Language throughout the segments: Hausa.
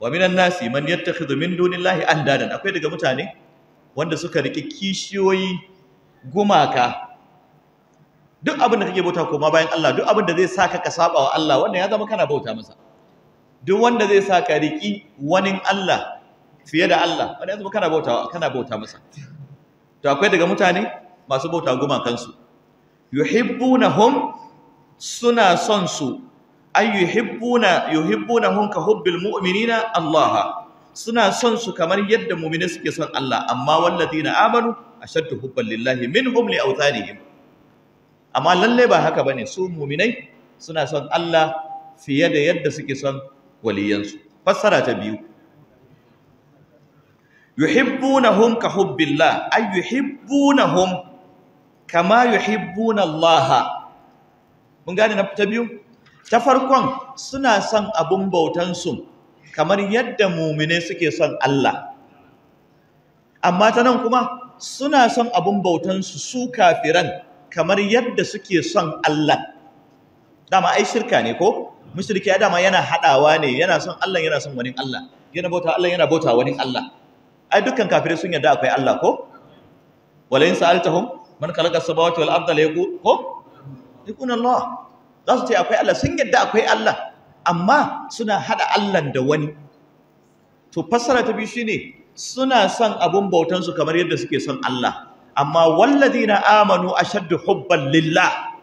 wa minan nasi man yattakhidhu min dunillahi andadan akwai daga mutane wanda suka riki kishiyoyi gumaka duk abin da kake bauta koma bayan Allah duk abin da zai saka ka saba wa Allah wannan ya zama kana bauta masa duk wanda zai saka riki wani Allah fiye da Allah wannan ya zama kana bauta kana bauta masa to akwai daga mutane masu bauta gumakansu yuhibbunahum suna son su ay yuhibbuna yuhibbunahum ka hubbil mu'minina Allah suna son su kamar yadda mu'mini suke son Allah amma walladina amanu ashaddu hubban lillahi minhum li awtanihim amma lalle ba haka bane su mu'minai suna son Allah fiye da yadda suke son waliyansu fassara ta biyu yuhibbunahum ka hubbillah ay yuhibbunahum kama yuhibbuna Allah mun gane na ta biyu ta farkon suna son abun bautansu kamar yadda mumine suke son Allah amma ta nan kuma suna son abun bautansu su kafiran kamar yadda suke son Allah dama ai shirka ne ko mushriki dama yana hadawa ne yana son Allah yana son wani Allah yana bauta Allah yana bauta wani Allah ai dukkan kafire sun yarda akwai Allah ko wala in sa'altahum man khalaqa as-samawati wal arda la yaqul ko yakun Allah za su ce akwai Allah sun yadda akwai Allah amma suna haɗa Allah da wani to fassara ta biyu shine suna son abun bautansu kamar yadda suke son Allah amma wallazina amanu ashaddu hubban lillah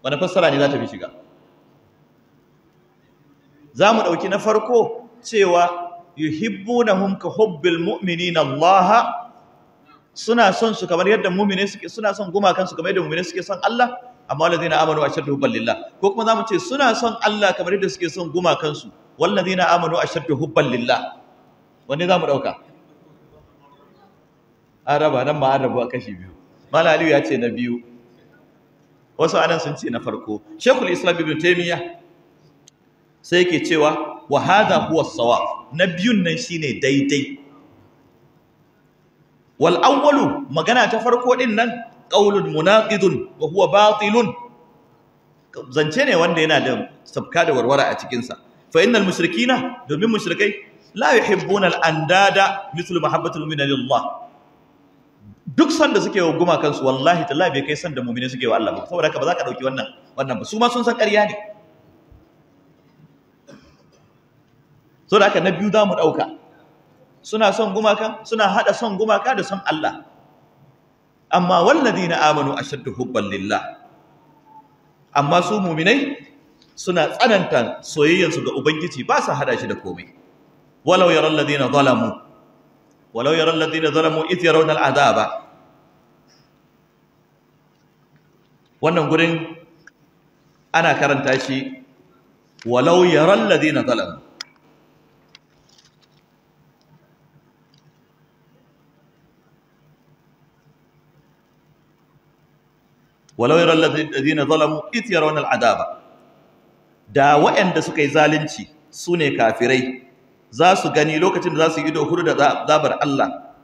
wani fassara ne za ta fi shiga za mu ɗauki na farko cewa yuhibbunahum ka hubbil mu'minina Allah suna son su kamar yadda mu'mini suke suna son gumakan su kamar yadda mu'mini suke son Allah amma walladina amanu ashaddu hubban lillah ko kuma zamu ce suna son Allah kamar yadda suke son gumakan su walladina amanu ashaddu hubban lillah wanne zamu dauka araba nan ma arabu a kashi biyu Malam Aliyu ya ce na biyu wasu anan sun ce na farko shekul islam ibn taymiya sai yake cewa wa hadha huwa sawab na biyun nan shine daidai wal awwalu magana ta farko din nan qaulun munaqidun wa huwa batilun zance ne wanda yana da sabka da warwara a cikin sa fa innal mushrikina domin mushrikai la yuhibbuna al andada mithlu mahabbatil mu'mina lillah duk sanda suke wa gumakan su wallahi ta labe kai sanda mu'mini suke wa Allah ba saboda haka ba za ka dauki wannan wannan ba su ma sun san ƙarya ne saboda haka na biyu za mu dauka suna son gumaka suna hada son gumaka da son Allah amma walladina amanu ashaddu hubban lillah amma su mu'minai suna tsananta soyayyansu ga ubangiji ba su hada shi da komai walau yaral ladina zalamu walau yaral ladina zalamu idh yarawna ba. wannan gudun ana karanta shi walau yaral ladina zalamu walau yaral ladina zalamu it yarawna al'adaba da waɗanda suka yi zalunci su ne kafirai za su gani lokacin da za su yi ido hudu da zabar Allah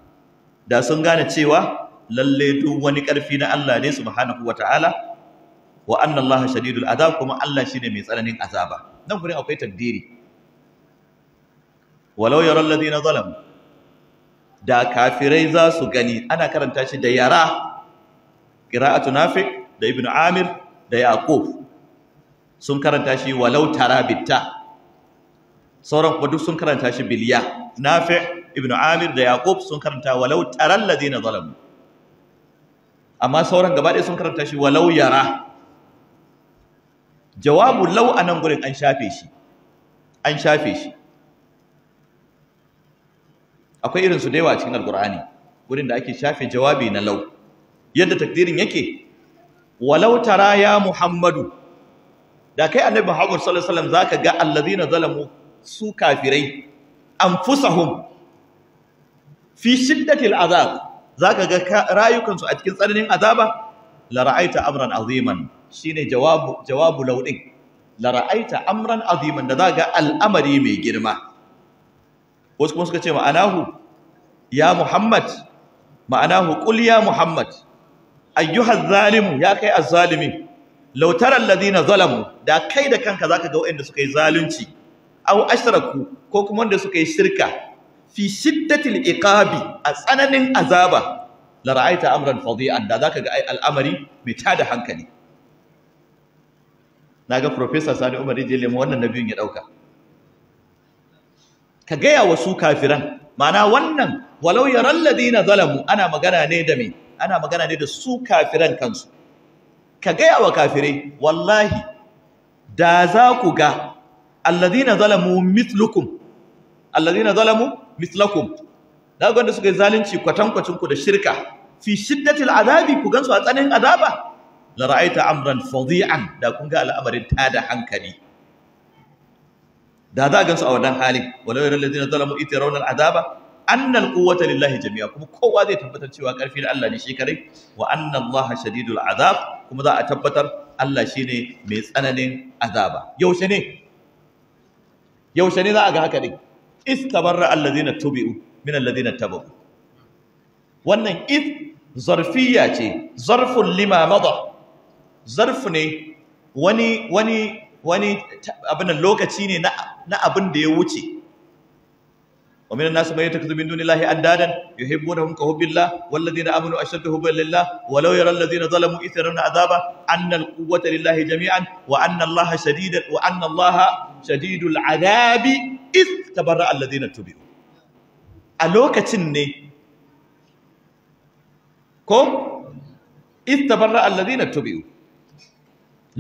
da sun gane cewa lalle duk wani ƙarfi na Allah ne su wataala wa anna Allah shadidul azab kuma Allah shine mai tsananin azaba nan gurin akwai takdiri walau yaral ladina zalamu da kafirai za su gani ana karanta shi da yara qira'atu nafi da ibn amir da yaqub sun karanta shi walau tara bitta sauran kuma duk sun karanta shi biliya nafi ibn amir da yaqub sun karanta walau taral ladina zalamu amma sauran gaba ɗaya sun karanta shi walau yara jawabu lau a nan gurin an shafe shi an shafe shi akwai irinsu da yawa cikin alkur'ani gurin da ake shafe jawabi na lau yadda takdirin yake walau tara ya muhammadu da kai annabi muhammad sallallahu alaihi wasallam zaka ga allazina zalamu su kafirai anfusahum fi shiddatil azab zaka ga rayukansu a cikin tsananin azaba la ra'aita amran aziman shine jawabu jawabu laudin la ra'aita amran aziman da zaka al'amari mai girma wasu kuma suka ce ma'anahu ya muhammad ma'anahu qul ya muhammad ayyuhaz zalimu ya kai azzalimi law taral ladina zalamu da kai da kanka zaka ga wanda suka yi zalunci aw ashraku ko kuma wanda suka yi shirka fi shiddatil iqabi a tsananin azaba la ra'aita amran fadi'an da zaka ga ai al'amari mai tada hankali naga professor Sani Umar je lemo wannan nabiyun ya dauka ka gaya wa su kafiran ma'ana wannan walau yaral ladina zalamu ana magana ne da me ana magana ne da su kafiran kansu ka gaya wa kafirai wallahi da za ku ga alladhina zalamu mithlukum alladhina zalamu mithlakum da wanda suka yi zalunci kwatankwacinku da shirka fi shiddatil azabi ku gansu a tsananin azaba la ra'aita amran fadi'an da kun ga al'amarin tada hankali da za gansu a wannan halin walau yaral zalamu ita raunar azaba annal quwwata lillahi jami'a kuma kowa zai tabbatar cewa karfi na Allah ne shi kare wa anna shadidul azab kuma za a tabbatar Allah shine mai tsananin azaba yaushe ne yaushe ne za a ga haka ne istabarra allazina tubi'u min allazina tabu wannan if zarfiya ce Zarfin lima mada ne wani wani wani abin lokaci ne na abin da ya wuce ومن الناس من يتخذ من دون الله اندادا يحبونهم كحب الله والذين امنوا اشد حبا لله ولو يرى الذين ظلموا اذ يرون عذابه ان القوه لله جميعا وان الله شديد وان الله شديد العذاب اذ تبرأ الذين اتبعوا a lokacin ne ko iz tabarra alladhina tubi'u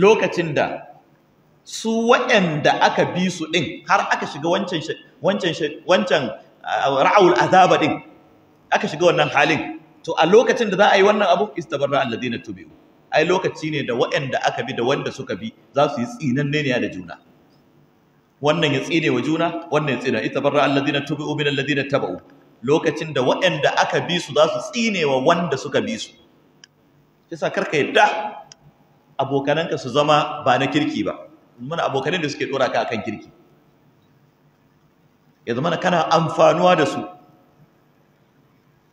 lokacin da su waɗanda aka bi su ɗin har aka shiga wancan wancan wancan ah, ra'awul azaba ɗin aka shiga wannan halin to a lokacin da za a yi wannan abu istabarra alladina tubi'u ai lokaci ne da waɗanda aka bi da wanda suka bi za su yi tsinanne ne da juna wannan ya tsine wa juna wannan ya tsina istabarra alladina tubi'u min alladina taba'u lokacin da waɗanda aka bi su za su tsine wa wanda suka bi su yasa karka yadda abokananka su zama ba na kirki ba mana abokanin da suke dora ka akan kirki ya zama kana amfanuwa da su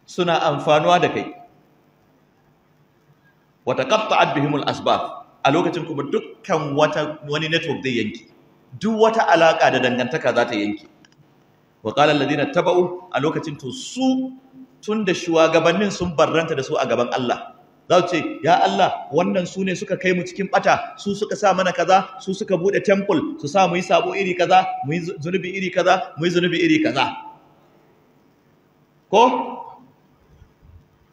suna amfanuwa da kai wata qatta'at bihimul asbab a lokacin kuma dukkan wani network zai yanki duk wata alaka da dangantaka za ta yanki wa qala alladhina taba'u a lokacin to su tunda shugabannin sun barranta da su a gaban Allah za su ce ya Allah wannan su ne suka kai mu cikin bata su suka sa mana kaza su suka bude temple su sa mu yi sabo iri kaza mu yi zunubi iri kaza mu yi zunubi iri kaza ko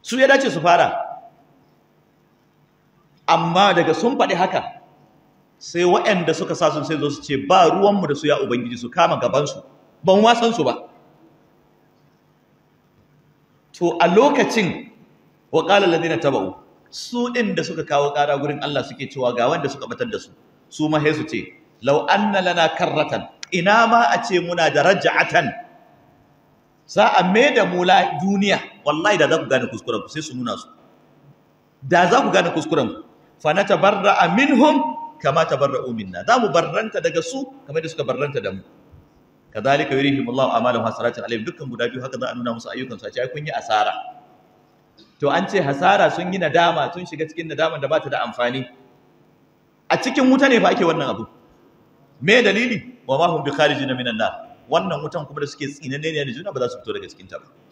su ya dace su fara amma daga sun faɗi haka sai waɗanda suka sa sun sai zo su ce ba ruwanmu da su ya ubangiji su kama gabansu ban wasan su ba to a lokacin wa qala alladhina taba'u su ɗin da suka kawo ƙara gurin Allah suke cewa ga wanda suka batar da su su ma su ce law anna lana karratan ina ma a ce muna da raj'atan za a mai da mu duniya wallahi da za ku gane kuskuren ku sai su nuna su da za ku gane kuskuren ku fa natabarra'a minhum kama tabarra'u minna za mu barranta daga su kamar da suka barranta da mu kadhalika yurihimullahu a'malahum hasaratin alayhim dukkan guda biyu haka za a nuna musu ayyukan su a ce kun yi asara to an ce hasara sun yi nadama tun shiga cikin nadaman da ba ta da amfani a cikin wuta ne fa ake wannan abu me dalili wa ma hum bi kharijin minan nar wannan wutan kuma da suke tsinanne ne da juna ba za su fito daga cikin ta ba